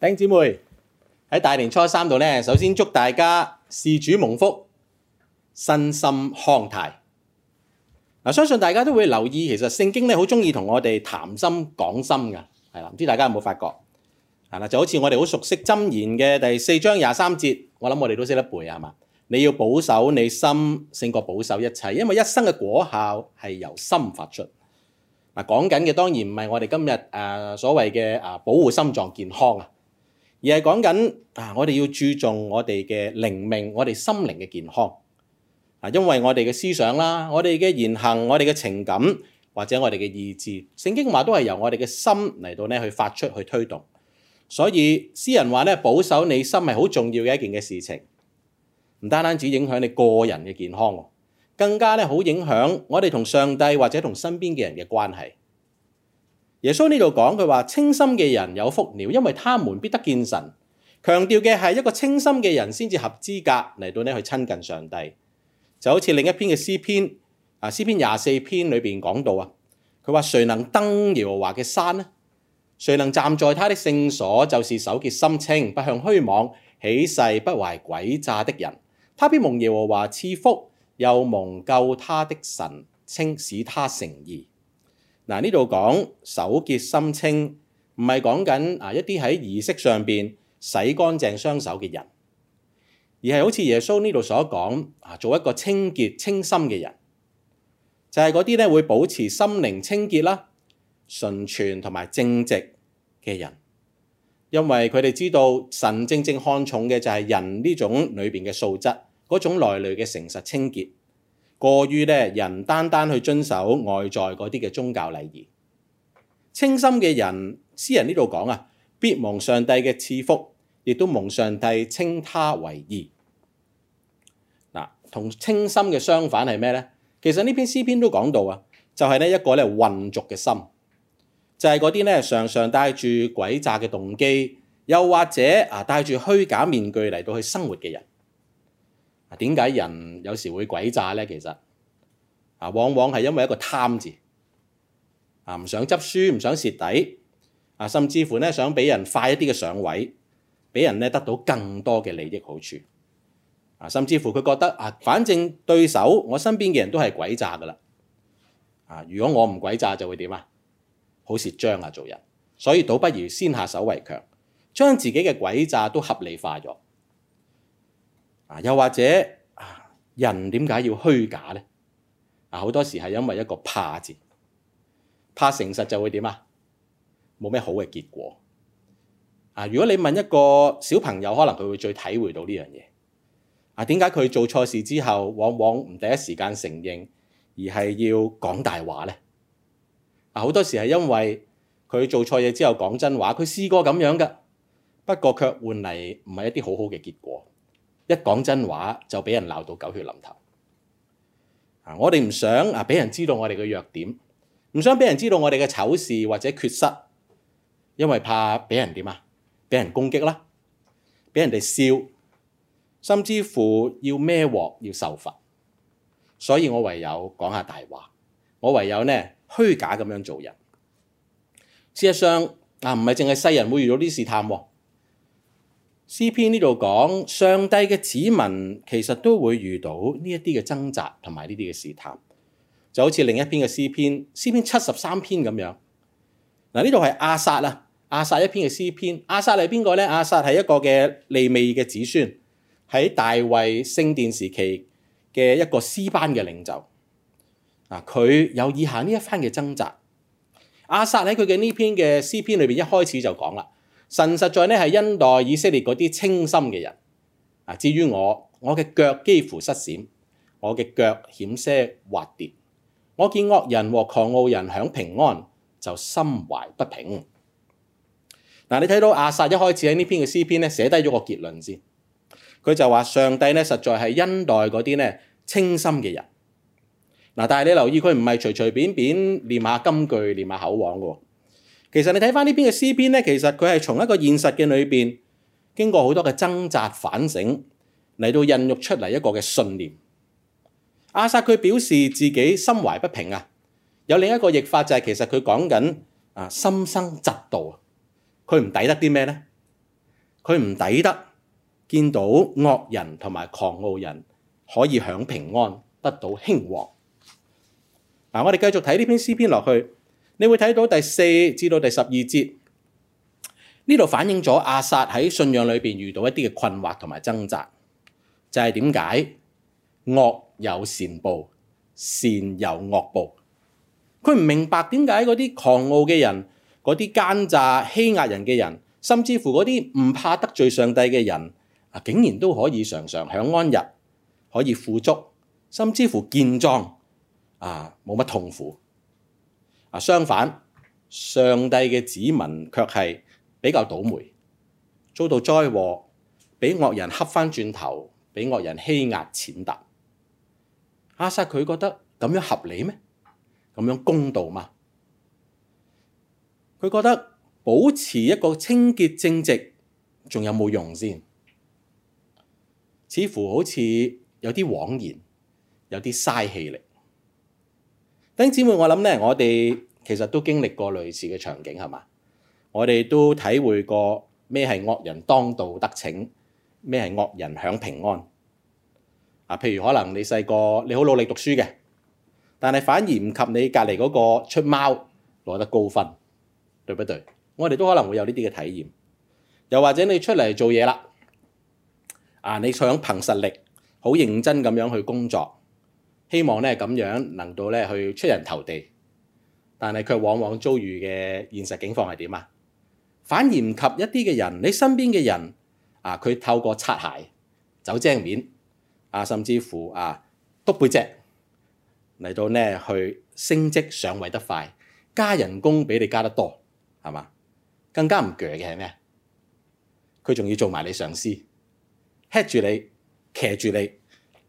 丁姊妹喺大年初三度呢，首先祝大家事主蒙福，身心康泰。相信大家都會留意，其實聖經咧好中意同我哋談心講心㗎，係啦，唔知大家有冇發覺？就好似我哋好熟悉箴言嘅第四章廿三節，我諗我哋都識得背係嘛。你要保守你心，勝過保守一切，因為一生嘅果效係由心發出。嗱，講緊嘅當然唔係我哋今日所謂嘅保護心臟健康而係講緊我哋要注重我哋嘅靈命，我哋心靈嘅健康，啊，因為我哋嘅思想啦，我哋嘅言行，我哋嘅情感或者我哋嘅意志，聖經話都係由我哋嘅心嚟到呢去發出去推動。所以詩人話咧，保守你心係好重要嘅一件嘅事情，唔單單只影響你個人嘅健康，更加呢好影響我哋同上帝或者同身邊嘅人嘅關係。耶穌呢度講，佢話清心嘅人有福了，因為他們必得見神。強調嘅係一個清心嘅人先至合資格嚟到咧去親近上帝。就好似另一篇嘅詩篇啊，詩篇廿四篇裏面講到啊，佢話，誰能登耶和華嘅山呢？誰能站在他的聖所？就是手潔心清，不向虛妄、起誓不懷詭詐的人，他必蒙耶和華賜福，又蒙救他的神清使他成義。嗱呢度講手潔心清，唔係講緊一啲喺儀式上邊洗乾淨雙手嘅人，而係好似耶穌呢度所講啊，做一個清潔清心嘅人，就係嗰啲咧會保持心靈清潔啦、純全同埋正直嘅人，因為佢哋知道神正正看重嘅就係人呢種裏面嘅素質，嗰種內裏嘅誠實清潔。過於咧，人單單去遵守外在嗰啲嘅宗教禮儀，清心嘅人，詩人呢度講啊，必蒙上帝嘅賜福，亦都蒙上帝稱他為義。嗱，同清心嘅相反係咩咧？其實呢篇詩篇都講到啊，就係、是、呢一個咧混濁嘅心，就係嗰啲咧常常帶住詭詐嘅動機，又或者啊帶住虛假面具嚟到去生活嘅人。啊，點解人有時會詭詐咧？其實啊，往往係因為一個貪字啊，唔想執輸，唔想蝕底啊，甚至乎咧想俾人快一啲嘅上位，俾人咧得到更多嘅利益好處啊，甚至乎佢覺得啊，反正對手我身邊嘅人都係詭詐噶啦啊，如果我唔詭詐就會點啊？好蝕張啊，做人，所以倒不如先下手為強，將自己嘅詭詐都合理化咗。啊！又或者人點解要虛假咧？啊，好多時係因為一個怕字，怕誠實就會點啊？冇咩好嘅結果啊！如果你問一個小朋友，可能佢會最體會到呢樣嘢啊？點解佢做錯事之後，往往唔第一時間承認，而係要講大話咧？啊！好多時係因為佢做錯嘢之後講真話，佢試過咁樣㗎，不過卻換嚟唔係一啲好好嘅結果。一講真話就俾人鬧到狗血淋頭。啊，我哋唔想啊俾人知道我哋嘅弱點，唔想俾人知道我哋嘅醜事或者缺失，因為怕俾人點啊？俾人攻擊啦，俾人哋笑，甚至乎要孭鑊要受罰。所以我唯有講下大話，我唯有呢虛假咁樣做人。事實上啊，唔係淨係世人會遇到啲試探喎，啊。詩篇呢度講上帝嘅子民其實都會遇到呢一啲嘅掙扎同埋呢啲嘅試探，就好似另一篇嘅詩篇，詩篇七十三篇咁樣。嗱呢度係亞薩啦，亞薩一篇嘅詩篇，亞薩係邊個咧？亞薩係一個嘅利未嘅子孫，喺大衛聖殿時期嘅一個詩班嘅領袖。啊，佢有以下呢一番嘅掙扎。亞薩喺佢嘅呢篇嘅詩篇裏邊一開始就講啦。神實在咧係恩待以色列嗰啲清心嘅人，至於我，我嘅腳幾乎失閃，我嘅腳險些滑跌。我見惡人和狂傲人享平安，就心懷不平。啊、你睇到亞薩一開始喺呢篇嘅詩篇咧，寫低咗個結論先，佢就話上帝咧實在係恩待嗰啲清心嘅人。啊、但係你留意佢唔係隨隨便便唸下金句，唸下口簧嘅喎。其實你睇返呢篇嘅詩篇咧，其實佢係從一個現實嘅裏面經過好多嘅掙扎反省，嚟到孕育出嚟一個嘅信念。亞薩佢表示自己心懷不平啊，有另一個譯法就係其實佢講緊啊心生嫉妒，佢唔抵得啲咩呢？佢唔抵得見到惡人同埋狂傲人可以享平安，得到興旺，啊。我哋繼續睇呢篇詩篇落去。你會睇到第四至到第十二節，呢度反映咗亞薩喺信仰裏邊遇到一啲嘅困惑同埋掙扎，就係點解惡有善報，善有惡報？佢唔明白點解嗰啲狂傲嘅人，嗰啲奸詐欺壓人嘅人，甚至乎嗰啲唔怕得罪上帝嘅人啊，竟然都可以常常享安逸，可以富足，甚至乎健壯啊，冇乜痛苦。啊，相反，上帝嘅子民卻係比較倒霉，遭到災禍，俾惡人黑翻轉頭，俾惡人欺壓踐踏。亞薩佢覺得咁樣合理咩？咁樣公道嘛？佢覺得保持一個清潔正直，仲有冇用先？似乎好似有啲枉然，有啲嘥氣力。丁姊妹，我諗咧，我哋其實都經歷過類似嘅場景，係嘛？我哋都體會過咩係惡人當道得逞，咩係惡人享平安啊？譬如可能你細個你好努力讀書嘅，但係反而唔及你隔籬嗰個出貓攞得高分，對不對？我哋都可能會有呢啲嘅體驗。又或者你出嚟做嘢啦，啊，你想憑實力，好認真咁樣去工作。希望咧咁樣能到咧去出人頭地，但係佢往往遭遇嘅現實境況係點啊？反而唔及一啲嘅人，你身邊嘅人啊，佢透過擦鞋、走精面啊，甚至乎啊篤背脊嚟到咧去升職上位得快，加人工比你加得多，係嘛？更加唔鋸嘅係咩？佢仲要做埋你上司，吃住你，騎住你，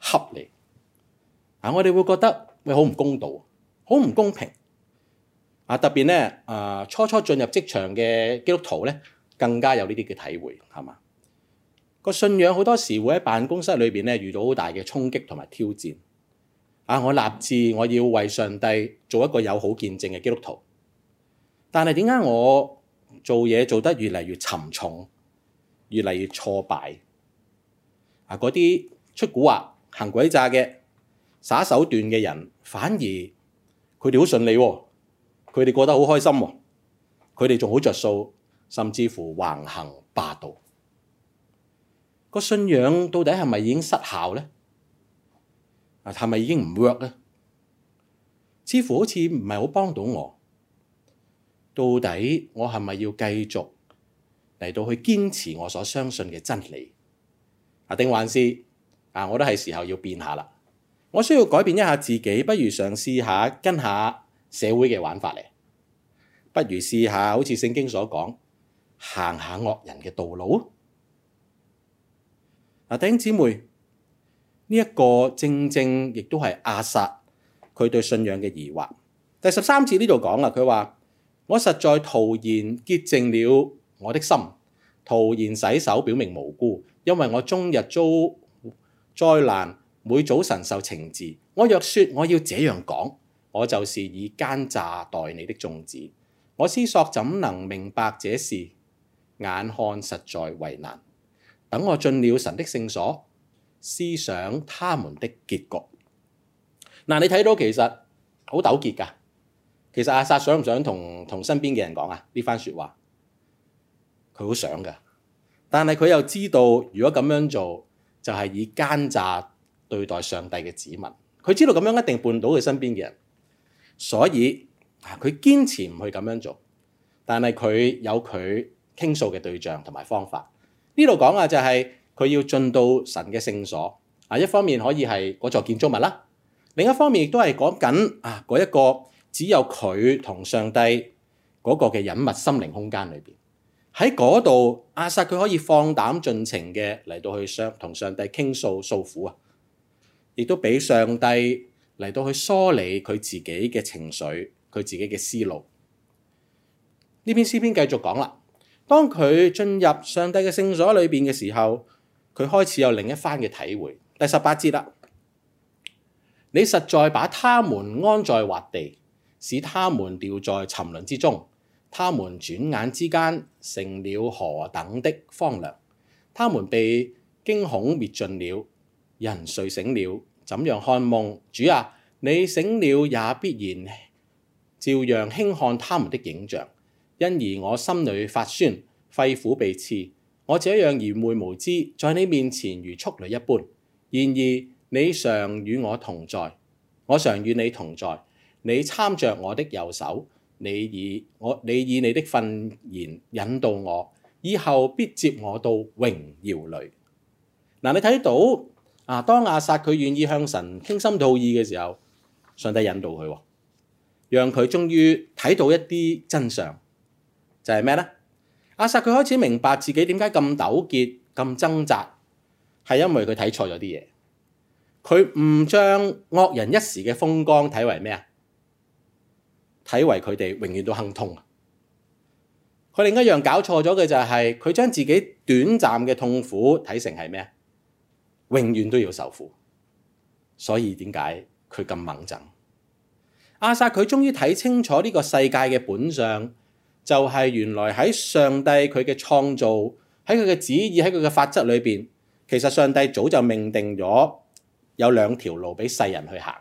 恰你。嗱，我哋會覺得好唔公道，好唔公平別啊！特別咧，誒初初進入職場嘅基督徒咧，更加有呢啲嘅體會，係嘛？個信仰好多時會喺辦公室裏邊咧遇到好大嘅衝擊同埋挑戰啊！我立志我要為上帝做一個有好見證嘅基督徒，但係點解我做嘢做得越嚟越沉重，越嚟越挫敗啊？嗰啲出蠱惑、行詭詐嘅～耍手段嘅人反而佢哋好順利，啊，佢哋過得好開心，啊，佢哋仲好着數，甚至乎橫行霸道。個信仰到底係咪已經失效咧？啊，係咪已經唔 work 咧？似乎好似唔係好幫到我。到底我係咪要繼續嚟到去堅持我所相信嘅真理？啊，定還是啊？我都係時候要變下啦。我需要改變一下自己，不如嘗試下跟下社會嘅玩法咧，不如試下好似聖經所講，行下惡人嘅道路。嗱，弟兄姊妹，呢、這、一個正正亦都係亞薩佢對信仰嘅疑惑。第十三節呢度講啊，佢話：我實在徒然潔淨了我的心，徒然洗手，表明無辜，因為我終日遭災難。每早晨受懲治，我若說我要這樣講，我就是以奸詐待你的眾子。我思索怎能明白這事，眼看實在為難。等我進了神的聖所，思想他們的結局。嗱、啊，你睇到其實好糾結㗎。其實亞薩想唔想同同身邊嘅人講啊呢番說話？佢好想㗎，但係佢又知道如果咁樣做，就係、是、以奸詐。對待上帝嘅子民，佢知道咁樣一定絆到佢身邊嘅人，所以啊，佢堅持唔去咁樣做。但係佢有佢傾訴嘅對象同埋方法。呢度講啊，就係佢要進到神嘅聖所啊，一方面可以係嗰座建築物啦，另一方面亦都係講緊啊嗰一個只有佢同上帝嗰個嘅隱密心靈空間裏邊，喺嗰度阿薩佢可以放膽盡情嘅嚟到去上同上帝傾訴訴苦啊！亦都畀上帝嚟到去梳理佢自己嘅情緒，佢自己嘅思路。呢篇詩篇繼續講啦，當佢進入上帝嘅聖所裏邊嘅時候，佢開始有另一番嘅體會。第十八節啦， 你實在把他們安在滑地，使他們掉在沉淪之中，他們轉眼之間成了何等的荒涼，他們被驚恐滅盡了，人睡醒了。怎樣看夢，主啊，你醒了也必然照樣輕看他們的影像，因而我心裏發酸，肺腑被刺。我這樣愚昧無知，在你面前如畜類一般。然而你常與我同在，我常與你同在。你參着我的右手，你以我，你以你的訓言引導我，以後必接我到榮耀裏。嗱、呃，你睇到？啊！當亞薩佢願意向神傾心吐意嘅時候，上帝引導佢、哦，讓佢終於睇到一啲真相，就係咩咧？亞薩佢開始明白自己點解咁糾結、咁掙扎，係因為佢睇錯咗啲嘢。佢唔將惡人一時嘅風光睇為咩啊？睇為佢哋永遠都亨通啊！佢另一樣搞錯咗嘅就係佢將自己短暫嘅痛苦睇成係咩？永遠都要受苦，所以點解佢咁猛憎？阿薩佢終於睇清楚呢個世界嘅本相，就係原來喺上帝佢嘅創造，喺佢嘅旨意，喺佢嘅法則裏面。其實上帝早就命定咗有兩條路俾世人去行。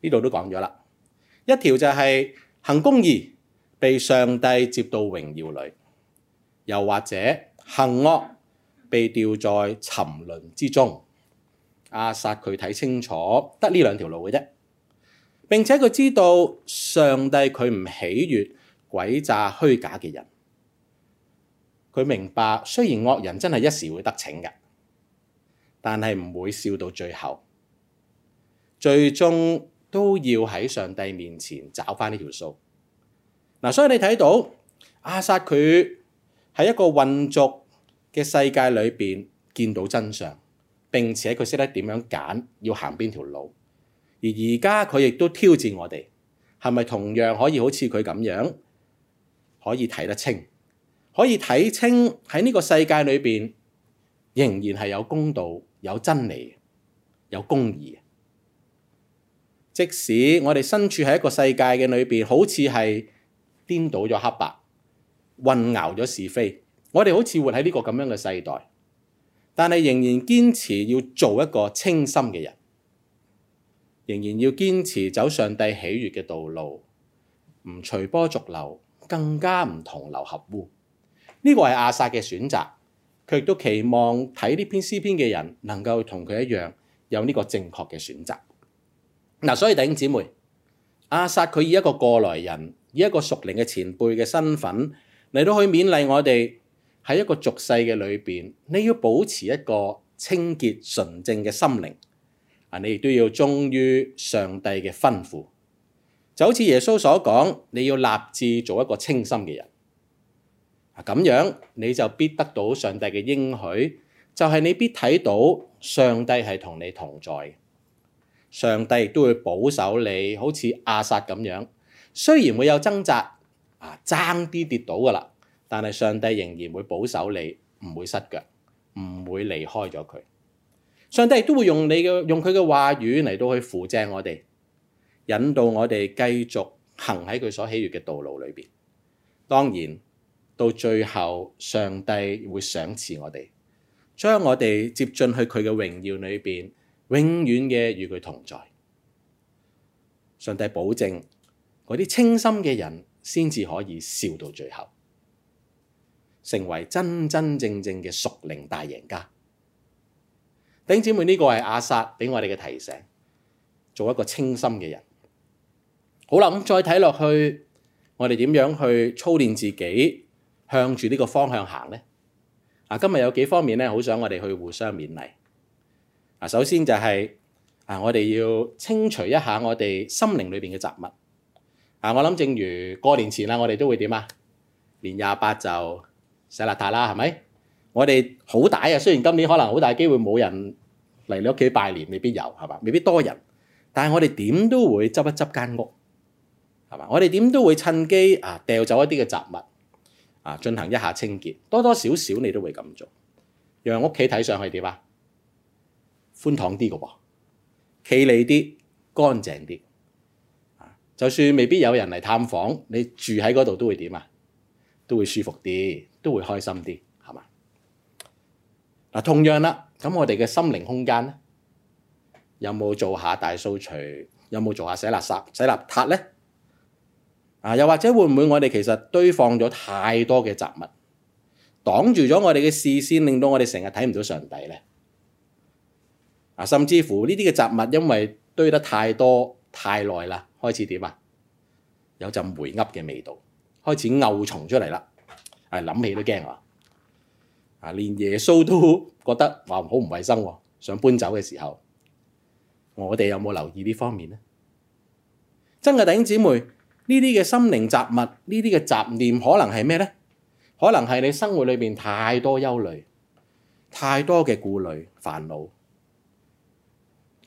呢度都講咗啦，一條就係行公義，被上帝接到榮耀裏；又或者行惡。被吊在沉淪之中，亞薩佢睇清楚，得呢兩條路嘅啫。並且佢知道上帝佢唔喜悅詭詐虛假嘅人，佢明白雖然惡人真係一時會得逞嘅，但係唔會笑到最後，最終都要喺上帝面前找翻呢條數。嗱、啊，所以你睇到亞薩佢係一個混族嘅世界裏邊見到真相，並且佢識得點樣揀，要行邊條路。而而家佢亦都挑戰我哋，係咪同樣可以好似佢咁樣，可以睇得清，可以睇清喺呢個世界裏邊，仍然係有公道、有真理、有公義。即使我哋身處喺一個世界嘅裏邊，好似係顛倒咗黑白、混淆咗是非。我哋好似活喺呢個咁樣嘅世代，但係仍然堅持要做一個清心嘅人，仍然要堅持走上帝喜悅嘅道路，唔隨波逐流，更加唔同流合污。呢個係亞薩嘅選擇，佢亦都期望睇呢篇詩篇嘅人能夠同佢一樣有呢個正確嘅選擇。嗱，所以弟兄姊妹，亞薩佢以一個過來人，以一個熟齡嘅前輩嘅身份嚟到去勉勵我哋。喺一個俗世嘅裏面，你要保持一個清潔純正嘅心靈，你亦都要忠於上帝嘅吩咐，就好似耶穌所講，你要立志做一個清心嘅人啊！咁樣你就必得到上帝嘅應許，就係你必睇到上帝係同你同在，上帝亦都會保守你，好似阿薩咁樣。雖然會有掙扎啊，爭啲跌倒㗎喇～但係上帝仍然會保守你，唔會失腳，唔會離開咗佢。上帝都會用你嘅用佢嘅話語嚟到去扶正我哋，引導我哋繼續行喺佢所喜悅嘅道路裏面。當然到最後，上帝會賞賜我哋，將我哋接進去佢嘅榮耀裏面，永遠嘅與佢同在。上帝保證，嗰啲清心嘅人先至可以笑到最後。成為真真正正嘅熟齡大贏家，弟兄姊妹呢、這個係亞撒畀我哋嘅提醒，做一個清心嘅人。好啦，咁、嗯、再睇落去，我哋點樣去操練自己，向住呢個方向行咧？啊，今日有幾方面咧，好想我哋去互相勉勵。啊，首先就係、是、啊，我哋要清除一下我哋心靈裏邊嘅雜物。啊，我諗正如過年前啦，我哋都會點啊？年廿八就～就係邋遢啦，係咪？我哋好大啊。雖然今年可能好大機會冇人嚟你屋企拜年，未必有係嘛，未必多人。但係我哋點都會執一執間屋係嘛，我哋點都會趁機啊掉走一啲嘅雜物啊，進行一下清潔，多多少少你都會咁做，讓屋企睇上去點啊？寬敞啲嘅噃，企理啲，乾淨啲啊。就算未必有人嚟探訪，你住喺嗰度都會點啊？都會舒服啲。都會開心啲，係嘛？嗱、啊，同樣啦，咁我哋嘅心靈空間咧，有冇做下大掃除？有冇做下洗垃圾、洗邋遢咧？啊，又或者會唔會我哋其實堆放咗太多嘅雜物，擋住咗我哋嘅視線，令到我哋成日睇唔到上帝咧？啊，甚至乎呢啲嘅雜物，因為堆得太多太耐啦，開始點啊？有陣黴噏嘅味道，開始臭蟲出嚟啦～係諗起都驚啊！啊，連耶穌都覺得話好唔衛生，想搬走嘅時候，我哋有冇留意呢方面呢？真嘅，弟兄姊妹，呢啲嘅心靈雜物，呢啲嘅雜念，可能係咩呢？可能係你生活裏面太多憂慮、太多嘅顧慮、煩惱，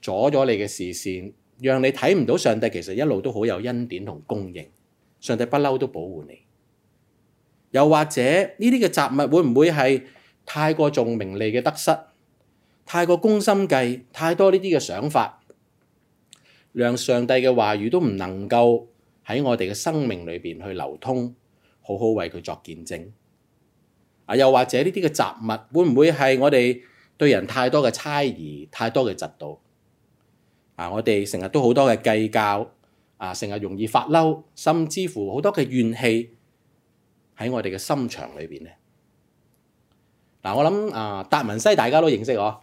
阻咗你嘅視線，讓你睇唔到上帝其實一路都好有恩典同供應，上帝不嬲都保護你。又或者呢啲嘅雜物會唔會係太過重名利嘅得失，太過攻心計，太多呢啲嘅想法，讓上帝嘅話語都唔能夠喺我哋嘅生命裏邊去流通，好好為佢作見證。啊，又或者呢啲嘅雜物會唔會係我哋對人太多嘅猜疑，太多嘅嫉妒？啊，我哋成日都好多嘅計較，啊，成日容易發嬲，甚至乎好多嘅怨氣。喺我哋嘅心腸裏面呢，咧、啊，我諗啊、呃、達文西大家都認識嗬，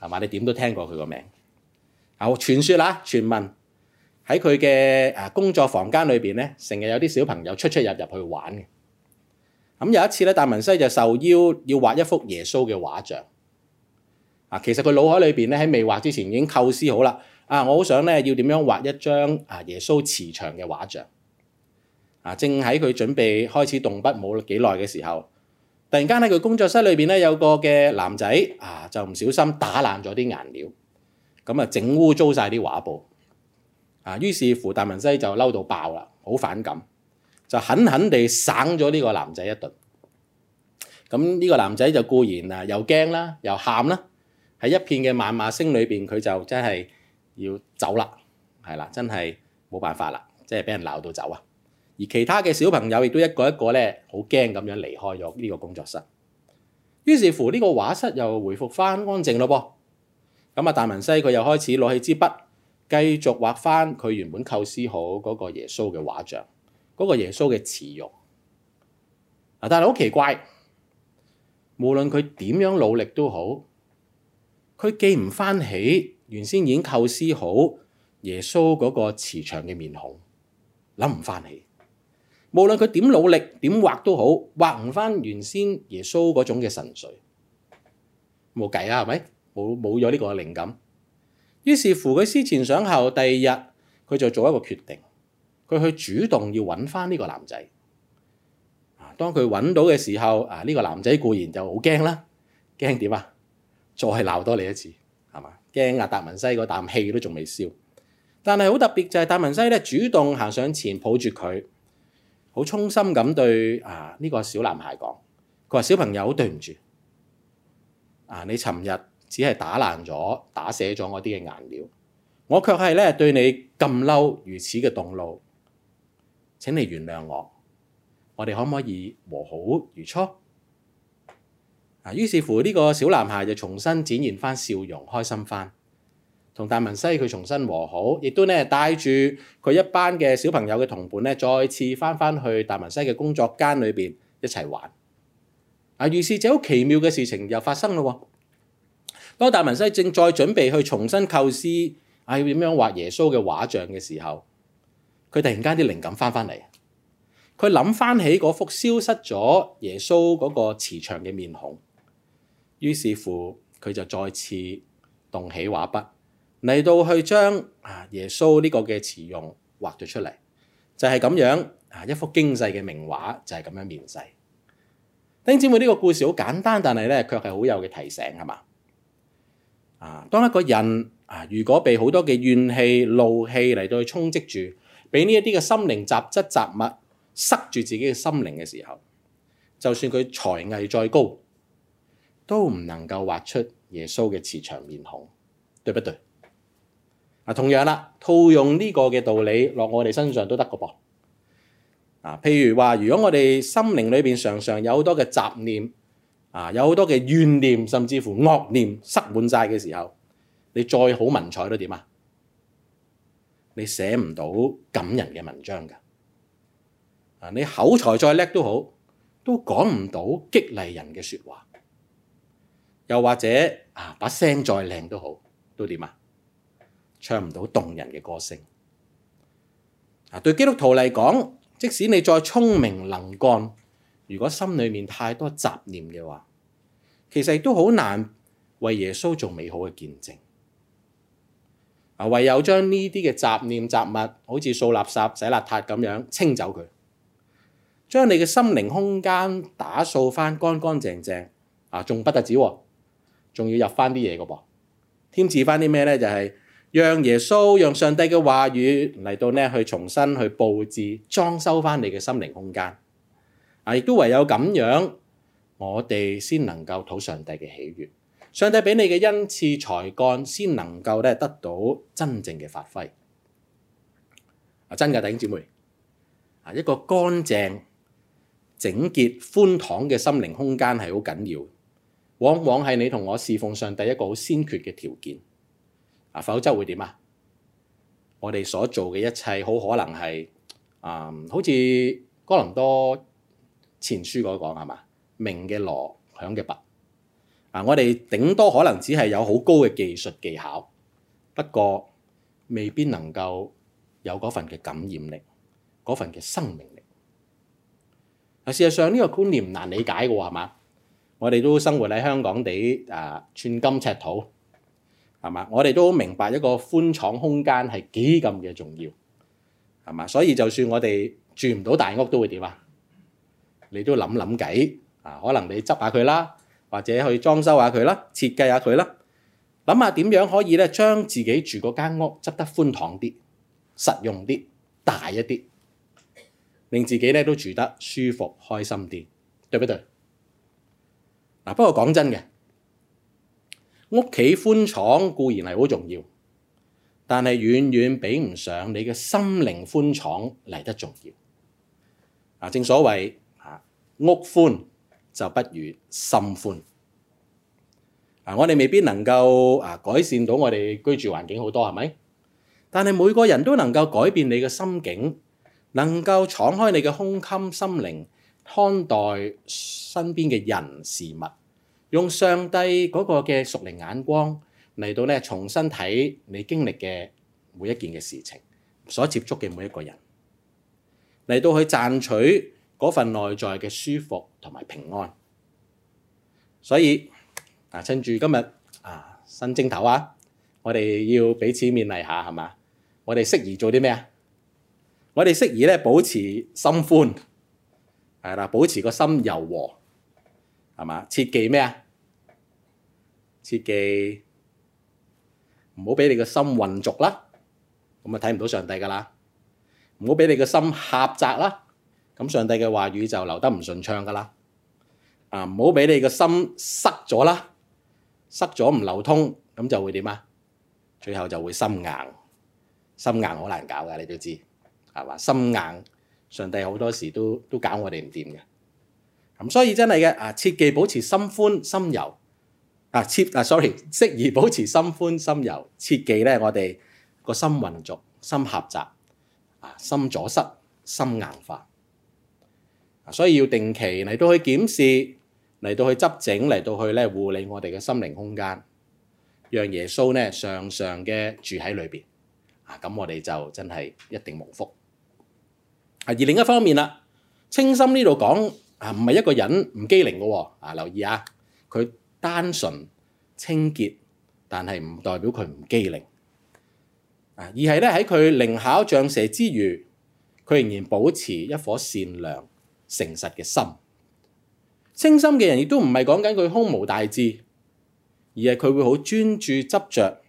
係嘛？你點都聽過佢個名啊、哦？傳説啦，傳聞喺佢嘅工作房間裏面呢，咧，成日有啲小朋友出出入入去玩、嗯、有一次咧，達文西就受邀要畫一幅耶穌嘅畫像、啊、其實佢腦海裏面，咧，喺未畫之前已經構思好啦。啊，我好想呢，要點樣畫一張耶穌慈祥嘅畫像。正喺佢準備開始動筆冇幾耐嘅時候，突然間喺佢工作室裏邊咧，有個嘅男仔啊，就唔小心打爛咗啲顏料，咁啊整污糟晒啲畫布啊。於是乎，達文西就嬲到爆啦，好反感，就狠狠地省咗呢個男仔一頓。咁啊，呢個男仔就固然啊，又驚啦，又喊啦，喺一片嘅謾罵聲裏邊，佢就真係要走啦。係啦，真係冇辦法啦，即係俾人鬧到走啊！而其他嘅小朋友亦都一個一個咧，好驚咁樣離開咗呢個工作室。於是乎，呢個畫室又回復翻安靜咯噃。咁啊，達文西佢又開始攞起支筆，繼續畫翻佢原本構思好嗰個耶穌嘅畫像，嗰個耶穌嘅慈容啊。但係好奇怪，無論佢點樣努力都好，佢記唔翻起原先已經構思好耶穌嗰個慈祥嘅面孔，諗唔翻起。無論佢點努力點畫都好，畫唔翻原先耶穌嗰種嘅神髓，冇計啊，係咪冇冇咗呢個靈感？於是乎佢思前想後，第二日佢就做一個決定，佢去主動要揾翻呢個男仔。啊，當佢揾到嘅時候，啊呢個男仔固然就好驚啦，驚點啊？再鬧多你一次係嘛？驚啊！達文西嗰啖氣都仲未消，但係好特別就係達文西咧主動行上前抱住佢。好衷心咁對啊呢個小男孩講，佢話，小朋友，好對唔住啊，你尋日只係打爛咗打瀉咗我啲嘅顏料，我卻係咧對你咁嬲，如此嘅動怒，請你原諒我，我哋可唔可以和好如初？啊，於是乎呢個小男孩就重新展現返笑容，開心返。同達文西佢重新和好，亦都咧帶住佢一班嘅小朋友嘅同伴咧，再次翻翻去達文西嘅工作間裏邊一齊玩啊。於是就好奇妙嘅事情又發生咯、哦。當達文西正在準備去重新構思啊要點樣畫耶穌嘅畫像嘅時候，佢突然間啲靈感翻翻嚟，佢諗翻起嗰幅消失咗耶穌嗰個慈祥嘅面孔，於是乎佢就再次動起畫筆。嚟到去將耶穌呢個嘅慈容畫咗出嚟，就係、是、咁樣啊一幅精細嘅名畫就係咁樣面世。丁姊妹呢個故事好簡單，但係咧卻係好有嘅提醒，係嘛？啊，當一個人啊如果被好多嘅怨氣、怒氣嚟到去充斥住，俾呢一啲嘅心靈雜質雜物塞住自己嘅心靈嘅時候，就算佢才藝再高，都唔能夠畫出耶穌嘅慈祥面孔，對不對？同樣啦，套用呢個嘅道理落我哋身上都得個噃。譬如話，如果我哋心靈裏面常常有好多嘅雜念，啊，有好多嘅怨念，甚至乎惡念塞滿曬嘅時候，你再好文采都點啊？你寫唔到感人嘅文章㗎。啊，你口才再叻都好，都講唔到激勵人嘅説話。又或者啊，把聲再靚都好，都點啊？唱唔到動人嘅歌聲啊！對基督徒嚟講，即使你再聰明能幹，如果心裡面太多雜念嘅話，其實亦都好難為耶穌做美好嘅見證啊！唯有將呢啲嘅雜念雜物，好似掃垃圾、洗邋遢咁樣清走佢，將你嘅心靈空間打掃翻乾乾淨淨啊！仲不得止、啊，仲要入翻啲嘢嘅噃，添置翻啲咩咧？就係、是、～讓耶穌、讓上帝嘅話語嚟到咧，去重新去布置、裝修翻你嘅心靈空間啊！亦都唯有咁樣，我哋先能夠討上帝嘅喜悅。上帝俾你嘅恩賜才幹，先能夠咧得到真正嘅發揮啊！真嘅，弟兄姊妹啊，一個乾淨、整潔、寬敞嘅心靈空間係好緊要，往往係你同我侍奉上帝一個好先決嘅條件。否則會點、嗯那個、啊？我哋所做嘅一切，好可能係啊，好似哥林多前書嗰講係嘛？鳴嘅鑼響嘅鈸啊，我哋頂多可能只係有好高嘅技術技巧，不過未必能夠有嗰份嘅感染力，嗰份嘅生命力。嗱、啊，事實上呢個觀念唔難理解喎，係嘛？我哋都生活喺香港地啊，寸金尺土。係嘛？我哋都明白一個寬敞空間係幾咁嘅重要，係嘛？所以就算我哋住唔到大屋都會點啊？你都諗諗計啊，可能你執下佢啦，或者去裝修下佢啦，設計下佢啦，諗下點樣可以咧將自己住嗰間屋執得寬敞啲、實用啲、大一啲，令自己咧都住得舒服、開心啲，對唔對？嗱、啊，不過講真嘅。屋企寬敞固然係好重要，但係遠遠比唔上你嘅心靈寬敞嚟得重要。正所謂啊，屋寬就不如心寬。啊，我哋未必能夠啊改善到我哋居住環境好多，係咪？但係每個人都能夠改變你嘅心境，能夠敞開你嘅胸襟，心靈看待身邊嘅人事物。用上帝嗰個嘅屬靈眼光，嚟到重新睇你經歷嘅每一件嘅事情，所接觸嘅每一個人，嚟到去賺取嗰份內在嘅舒服同埋平安。所以，係嘛？切記咩啊？切記唔好畀你個心混濁啦，咁啊睇唔到上帝噶啦。唔好畀你個心狹窄啦，咁上帝嘅話語就流得唔順暢噶啦。啊，唔好畀你個心塞咗啦，塞咗唔流通，咁就會點啊？最後就會心硬，心硬好難搞㗎，你都知係嘛？心硬，上帝好多時都都搞我哋唔掂嘅。咁所以真係嘅啊，切忌保持心寬心柔啊，切啊，sorry，適宜保持心寬心柔，切忌咧我哋個心混濁、心狹窄、啊、心阻塞、心硬化，啊，所以要定期嚟到去檢視，嚟到去執整，嚟到去咧護理我哋嘅心靈空間，讓耶穌咧常常嘅住喺裏邊啊，咁我哋就真係一定蒙福。啊，而另一方面啦，清心呢度講。啊，唔係一個人唔機靈嘅喎，啊留意下、啊，佢單純清潔，但係唔代表佢唔機靈，啊而係咧喺佢靈巧像蛇之餘，佢仍然保持一顆善良誠實嘅心。清心嘅人亦都唔係講緊佢胸無大志，而係佢會好專注執着，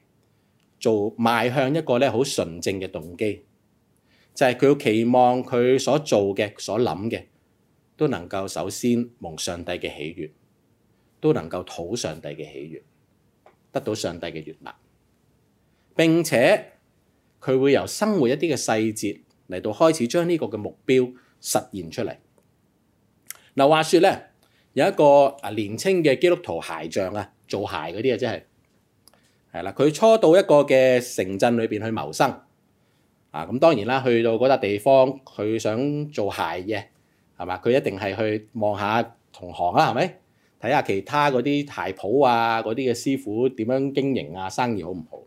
做，邁向一個咧好純正嘅動機，就係、要、佢期望佢所做嘅、所諗嘅。都能夠首先蒙上帝嘅喜悅，都能夠討上帝嘅喜悅，得到上帝嘅悅納。並且佢會由生活一啲嘅細節嚟到開始將呢個嘅目標實現出嚟。嗱、啊，話說咧有一個啊年青嘅基督徒鞋匠啊，做鞋嗰啲啊，真係係啦。佢初到一個嘅城鎮裏邊去謀生啊，咁、嗯、當然啦，去到嗰笪地方，佢想做鞋嘅。係嘛？佢一定係去望下同行啦，係咪？睇下其他嗰啲鞋鋪啊，嗰啲嘅師傅點樣經營啊，生意好唔好？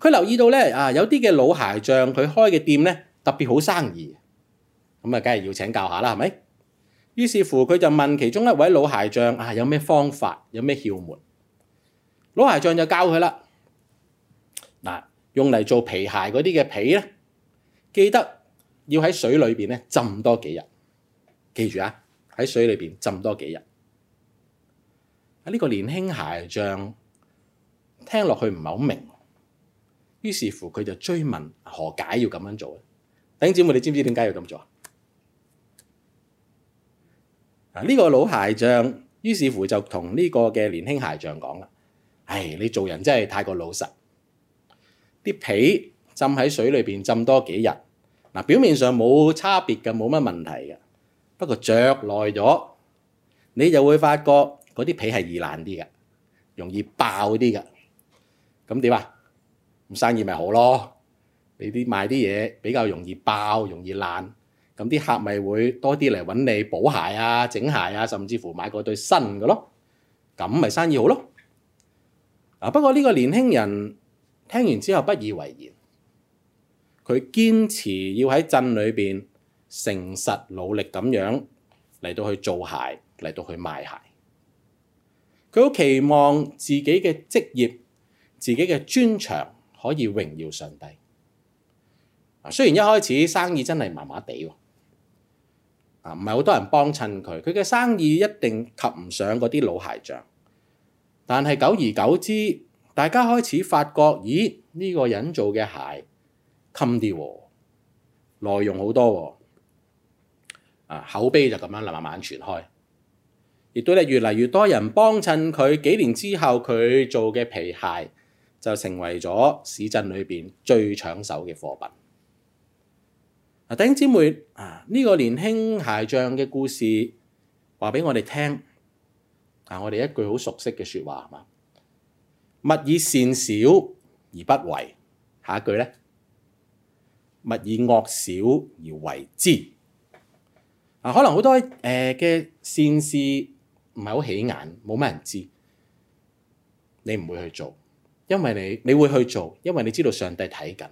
佢留意到咧，啊有啲嘅老鞋匠佢開嘅店咧特別好生意，咁啊梗係要請教下啦，係咪？於是乎佢就問其中一位老鞋匠啊，有咩方法？有咩竅門？老鞋匠就教佢啦，嗱，用嚟做皮鞋嗰啲嘅皮咧，記得要喺水裏邊咧浸多幾日。記住啊！喺水裏邊浸多幾日。呢個年輕鞋匠聽落去唔係好明，於是乎佢就追問何解要咁樣做啊？弟兄姊妹，你知唔知點解要咁做啊？呢、嗯、個老鞋匠於是乎就同呢個嘅年輕鞋匠講啦，唉，你做人真係太過老實，啲皮浸喺水裏邊浸多幾日嗱，表面上冇差別嘅，冇乜問題嘅。不過著耐咗，你就會發覺嗰啲皮係易爛啲嘅，容易爆啲嘅。咁點啊？咁生意咪好咯？你啲賣啲嘢比較容易爆、容易爛，咁啲客咪會多啲嚟揾你補鞋啊、整鞋啊，甚至乎買嗰對新嘅咯。咁咪生意好咯。不過呢個年輕人聽完之後不以為然，佢堅持要喺鎮裏面。誠實努力咁樣嚟到去做鞋，嚟到去賣鞋。佢好期望自己嘅職業、自己嘅專長可以榮耀上帝。啊，雖然一開始生意真係麻麻地喎，唔係好多人幫襯佢，佢嘅生意一定及唔上嗰啲老鞋匠。但係久而久之，大家開始發覺，咦呢、呢個人做嘅鞋襟啲喎，耐用好多喎、啊。口碑就咁樣慢慢傳開，亦都咧越嚟越多人幫襯佢。幾年之後，佢做嘅皮鞋就成為咗市鎮裏面最搶手嘅貨品。嗱、啊，弟兄姐妹呢、啊呢個年輕鞋匠嘅故事話俾我哋聽。啊，我哋一句好熟悉嘅説話係嘛？勿以善小而不為。下一句呢？「勿以惡小而為之。可能好多誒嘅善事唔係好起眼，冇咩人知，你唔會去做。因為你你會去做，因為你知道上帝睇緊。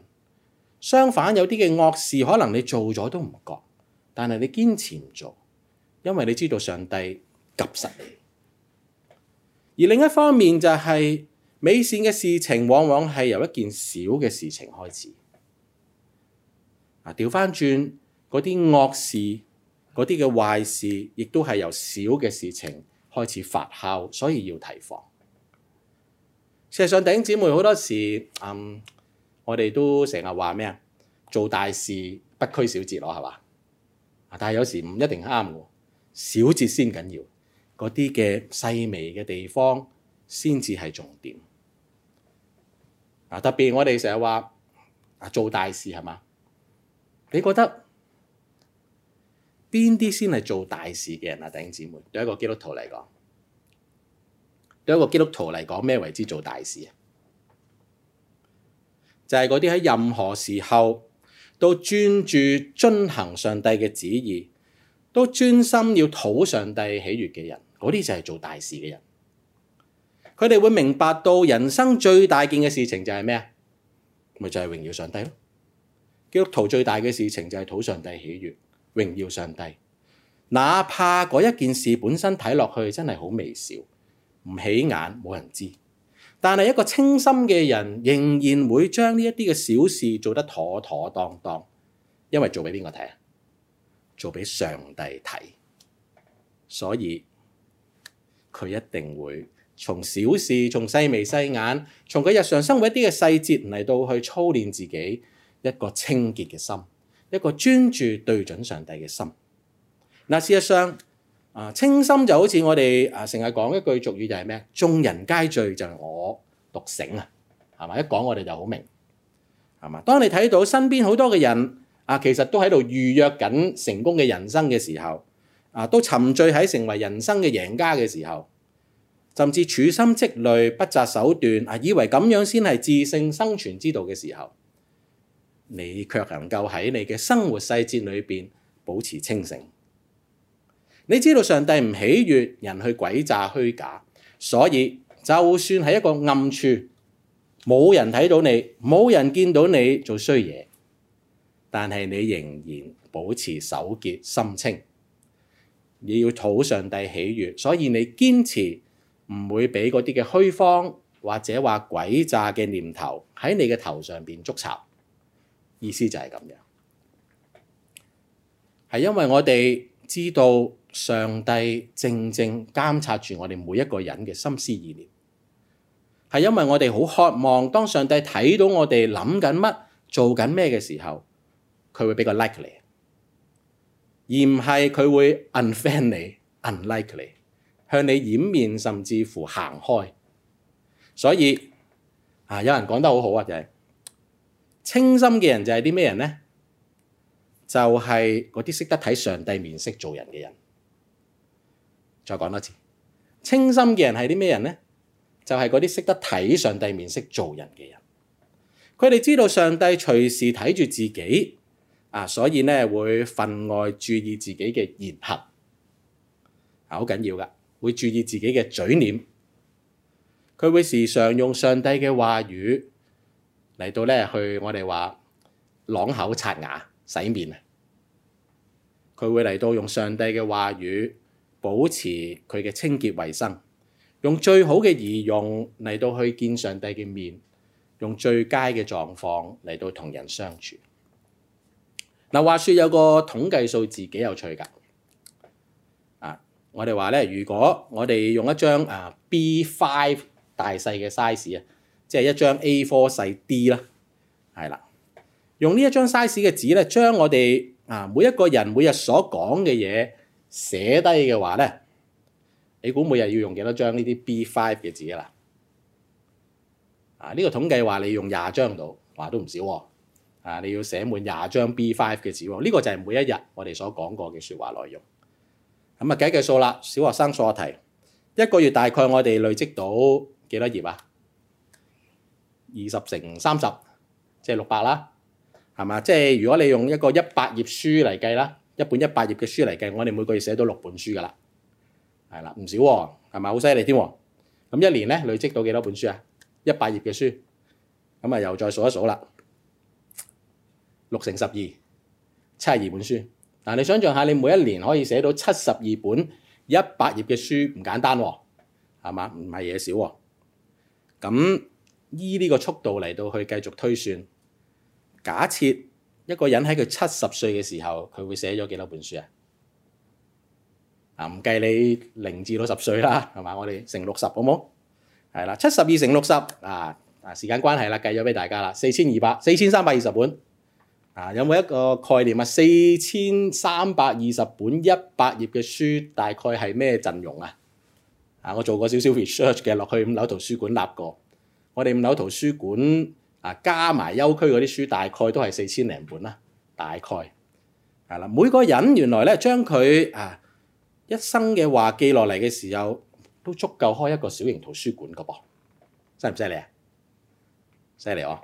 相反，有啲嘅惡事，可能你做咗都唔覺，但係你堅持唔做，因為你知道上帝及實你。而另一方面就係美善嘅事情，往往係由一件小嘅事情開始。啊，調翻轉嗰啲惡事。嗰啲嘅壞事，亦都係由小嘅事情開始發酵，所以要提防。事實上，頂姊妹好多時，嗯，我哋都成日話咩啊？做大事不拘小節咯，係嘛？但係有時唔一定啱嘅，小節先緊要，嗰啲嘅細微嘅地方先至係重點。啊，特別我哋成日話啊，做大事係嘛？你覺得？邊啲先係做大事嘅人啊，弟兄姊妹？對一個基督徒嚟講，對一個基督徒嚟講，咩為之做大事啊？就係嗰啲喺任何時候都專注遵行上帝嘅旨意，都專心要討上帝喜悦嘅人，嗰啲就係做大事嘅人。佢哋會明白到人生最大件嘅事情就係咩啊？咪就係榮耀上帝咯！基督徒最大嘅事情就係討上帝喜悦。榮耀上帝，哪怕嗰一件事本身睇落去真係好微小、唔起眼、冇人知，但係一個清心嘅人仍然會將呢一啲嘅小事做得妥妥當當，因為做俾邊個睇啊？做俾上帝睇，所以佢一定會從小事、從細眉細眼、從佢日常生活一啲嘅細節嚟到去操練自己一個清潔嘅心。一個專注對準上帝嘅心，嗱事實上啊，清心就好似我哋啊成日講一句俗語，就係咩？眾人皆醉，就係我獨醒啊，係嘛？一講我哋就好明，係嘛？當你睇到身邊好多嘅人啊，其實都喺度預約緊成功嘅人生嘅時候啊，都沉醉喺成為人生嘅贏家嘅時候，甚至處心積慮、不擇手段啊，以為咁樣先係致勝生存之道嘅時候。你卻能夠喺你嘅生活細節裏邊保持清醒。你知道上帝唔喜悅人去詭詐虛假，所以就算喺一個暗處，冇人睇到你，冇人見到你做衰嘢，但係你仍然保持守潔心清，你要討上帝喜悅，所以你堅持唔會俾嗰啲嘅虛謊或者話詭詐嘅念頭喺你嘅頭上面築巢。意思就係咁樣，係因為我哋知道上帝正正監察住我哋每一個人嘅心思意念，係因為我哋好渴望當上帝睇到我哋諗緊乜、做緊咩嘅時候，佢會比較 likely，而唔係佢會 unfair 你、unlikely 向你掩面甚至乎行開。所以啊，有人講得好好啊，就係、是。清心嘅人就係啲咩人呢？就係嗰啲識得睇上帝面色做人嘅人。再講多次，清心嘅人係啲咩人呢？就係嗰啲識得睇上帝面色做人嘅人。佢哋知道上帝隨時睇住自己，啊，所以呢會分外注意自己嘅言行，啊，好緊要㗎，會注意自己嘅嘴臉。佢會時常用上帝嘅話語。嚟到咧，去我哋話朗口刷牙、洗面啊！佢會嚟到用上帝嘅話語保持佢嘅清潔衞生，用最好嘅儀容嚟到去見上帝嘅面，用最佳嘅狀況嚟到同人相處。嗱，話説有個統計數字幾有趣噶啊！我哋話咧，如果我哋用一張啊 B5 大細嘅 size 啊。即係一張 A4 細 D 啦，係啦。用呢一張 size 嘅紙咧，將我哋啊每一個人每日所講嘅嘢寫低嘅話咧，你估每日要用幾多張 B 呢啲 B5 嘅紙啦？啊，呢個統計話你用廿張到，話都唔少啊，啊！你要寫滿廿張 B5 嘅紙，呢個就係每一日我哋所講過嘅說話內容。咁啊，計一計數啦，小學生數學題，一個月大概我哋累積到幾多頁啊？二十乘三十，即係六百啦，係嘛？即係如果你用一個一百頁書嚟計啦，一本一百頁嘅書嚟計，我哋每個月寫到六本書㗎啦，係啦，唔少喎、啊，係咪好犀利添？咁、啊、一年咧累積到幾多本書啊？一百頁嘅書，咁啊又再數一數啦，六乘十二，七十二本書。嗱，你想像下，你每一年可以寫到七十二本一百頁嘅書，唔簡單喎、啊，係嘛？唔係嘢少喎、啊，咁。依呢個速度嚟到去繼續推算，假設一個人喺佢七十歲嘅時候，佢會寫咗幾多本書啊？啊，唔計你零至六十歲啦，係嘛？我哋乘六十好冇？係啦，七十二乘六十啊啊！時間關係啦，計咗俾大家啦，四千二百四千三百二十本啊！有冇一個概念啊？四千三百二十本一百頁嘅書，大概係咩陣容啊？我做過少少 research 嘅，落去五樓圖書館立過。我哋五樓圖書館啊，加埋優區嗰啲書，大概都係四千零本啦，大概係啦。每個人原來咧，將佢啊一生嘅話記落嚟嘅時候，都足夠開一個小型圖書館㗎噃，犀唔犀利啊？犀利哦！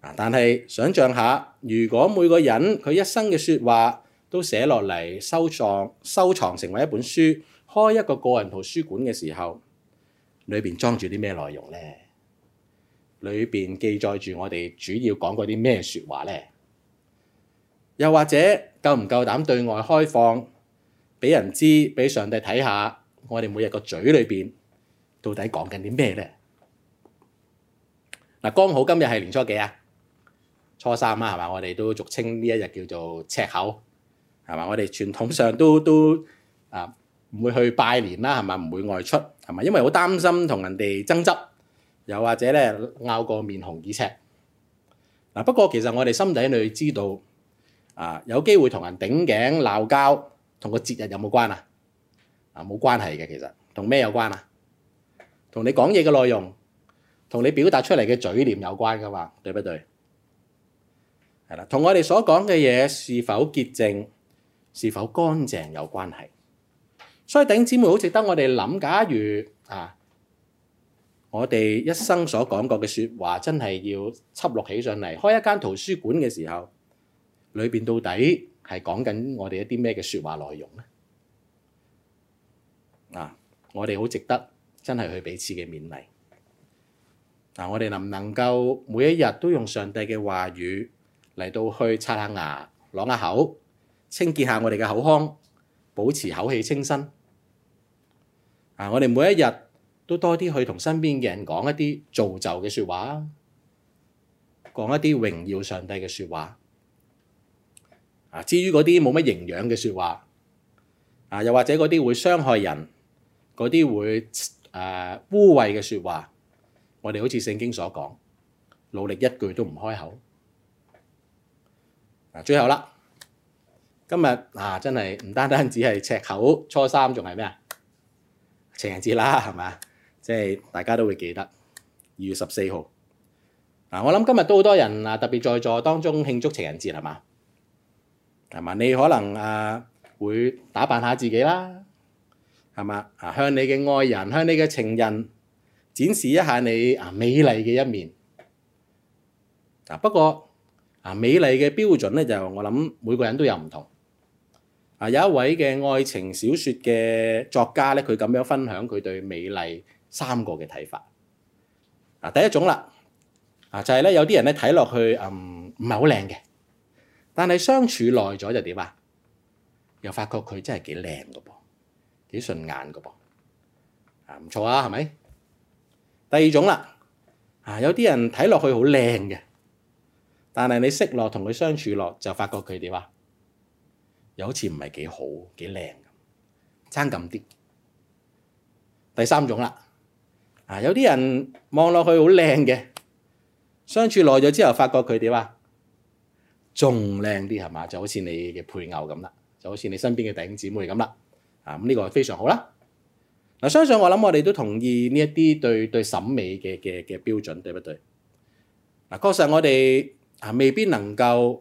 啊，但係想像下，如果每個人佢一生嘅説話都寫落嚟收藏，收藏成為一本書，開一個個人圖書館嘅時候。裡面裝住啲咩內容呢？裡面記載住我哋主要講過啲咩說話呢？又或者夠唔夠膽對外開放，畀人知，畀上帝睇下，我哋每日個嘴裡面到底講緊啲咩呢？嗱，剛好今日係年初幾啊？初三啊，係嘛？我哋都俗稱呢一日叫做赤口，係嘛？我哋傳統上都都啊。唔會去拜年啦，係嘛？唔會外出係嘛？因為好擔心同人哋爭執，又或者咧拗過面紅耳赤嗱。不過其實我哋心底裏知道啊，有機會同人頂頸鬧交，同個節日有冇關啊？啊，冇關係嘅，其實同咩有關啊？同你講嘢嘅內容，同你表達出嚟嘅嘴臉有關㗎嘛？對唔對？係啦，同我哋所講嘅嘢是否潔淨、是否乾淨有關係。所以弟兄姊妹好值得我哋諗，假如啊，我哋一生所講過嘅説話，真係要輯錄起上嚟，開一間圖書館嘅時候，裏面到底係講緊我哋一啲咩嘅説話內容呢？啊，我哋好值得，真係去彼此嘅勉勵。我哋能唔能夠每一日都用上帝嘅話語嚟到去刷下牙、漱下口，清潔下我哋嘅口腔，保持口氣清新？啊！我哋每一日都多啲去同身邊嘅人講一啲造就嘅説話，講一啲榮耀上帝嘅説話。啊！至於嗰啲冇乜營養嘅説話，啊又或者嗰啲會傷害人、嗰啲會誒污穢嘅説話，我哋好似聖經所講，努力一句都唔開口。啊！最後啦，今日啊，真係唔單單只係赤口，初三，仲係咩啊？情人節啦，係咪？即係大家都會記得二月十四號。嗱、啊，我諗今日都好多人啊，特別在座當中慶祝情人節係嘛？係嘛？你可能啊會打扮下自己啦，係嘛？啊，向你嘅愛人、向你嘅情人展示一下你啊美麗嘅一面。啊，不過啊美麗嘅標準咧，就我諗每個人都有唔同。啊，有一位嘅愛情小説嘅作家咧，佢咁樣分享佢對美麗三個嘅睇法。啊，第一種啦，啊就係咧有啲人咧睇落去，嗯唔係好靚嘅，但係相處耐咗就點啊？又發覺佢真係幾靚嘅噃，幾順眼嘅噃，啊唔錯啊，係咪？第二種啦，啊有啲人睇落去好靚嘅，但係你識落同佢相處落，就發覺佢點啊？又好似唔係幾好，幾靚咁，爭咁啲。第三種啦，啊有啲人望落去好靚嘅，相處耐咗之後，發覺佢點啊？仲靚啲係嘛？就好似你嘅配偶咁啦，就好似你身邊嘅弟兄姊妹咁啦。啊咁呢、嗯呢個係非常好啦。嗱、啊，相信我諗，我哋都同意呢一啲對對審美嘅嘅嘅標準，對不對？嗱、啊，確實我哋啊未必能夠。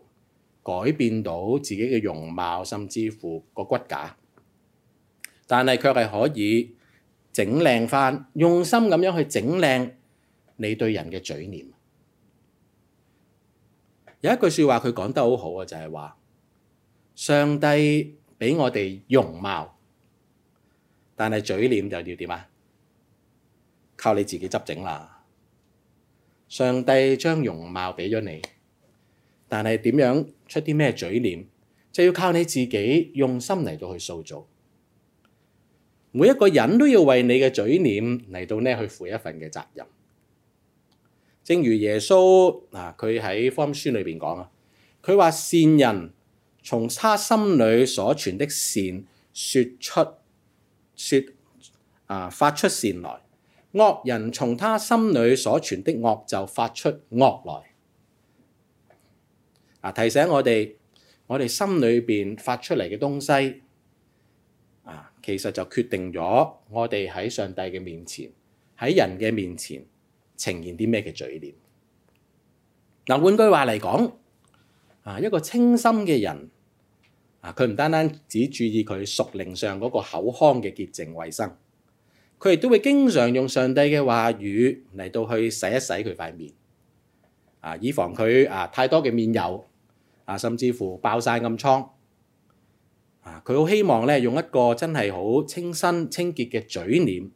改變到自己嘅容貌，甚至乎個骨架，但係卻係可以整靚翻，用心咁樣去整靚你對人嘅嘴臉。有一句説話佢講得好好啊，就係話上帝畀我哋容貌，但係嘴臉又要點啊？靠你自己執整啦！上帝將容貌畀咗你，但係點樣？出啲咩嘴臉，就要靠你自己用心嚟到去塑造。每一個人都要為你嘅嘴臉嚟到呢去負一份嘅責任。正如耶穌嗱，佢喺福音書裏邊講啊，佢話善人從他心裏所存的善說，説出説啊，發出善來；惡人從他心裏所存的惡就發出惡來。啊！提醒我哋，我哋心裏邊發出嚟嘅東西，啊，其實就決定咗我哋喺上帝嘅面前，喺人嘅面前呈現啲咩嘅嘴臉。嗱，啊，換句話嚟講，啊，一個清心嘅人，啊，佢唔單單只注意佢熟齡上嗰個口腔嘅潔淨衞生，佢亦都會經常用上帝嘅話語嚟到去洗一洗佢塊面，啊，以防佢啊太多嘅面油。啊，甚至乎爆晒暗瘡，啊，佢好希望咧用一個真係好清新、清潔嘅嘴臉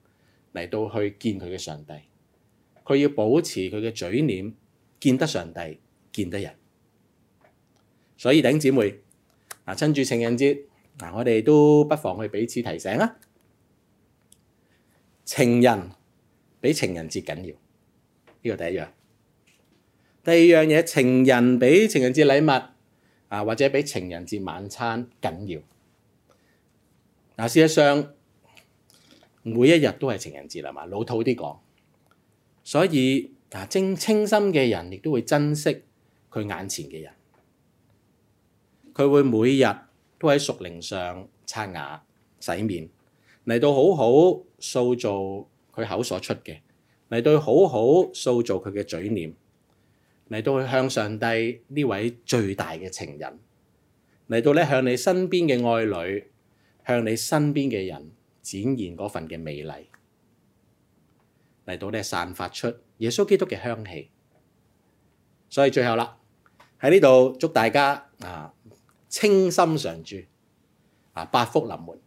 嚟到去見佢嘅上帝，佢要保持佢嘅嘴臉，見得上帝，見得人。所以頂姐妹，嗱、啊、趁住情人節，嗱、啊、我哋都不妨去彼此提醒啊！情人比情人節緊要，呢個第一樣。第二樣嘢，情人比情人節禮物，或者比情人節晚餐緊要。事實上每一日都係情人節啦嘛，老套啲講。所以嗱，正清心嘅人亦都會珍惜佢眼前嘅人。佢會每日都喺屬靈上刷牙、洗面，嚟到好好塑造佢口所出嘅，嚟到好好塑造佢嘅嘴臉。嚟到向上帝呢位最大嘅情人，嚟到咧向你身邊嘅愛女，向你身邊嘅人展現嗰份嘅美麗，嚟到咧散發出耶穌基督嘅香氣。所以最後啦，喺呢度祝大家啊清心常住啊，八福臨門。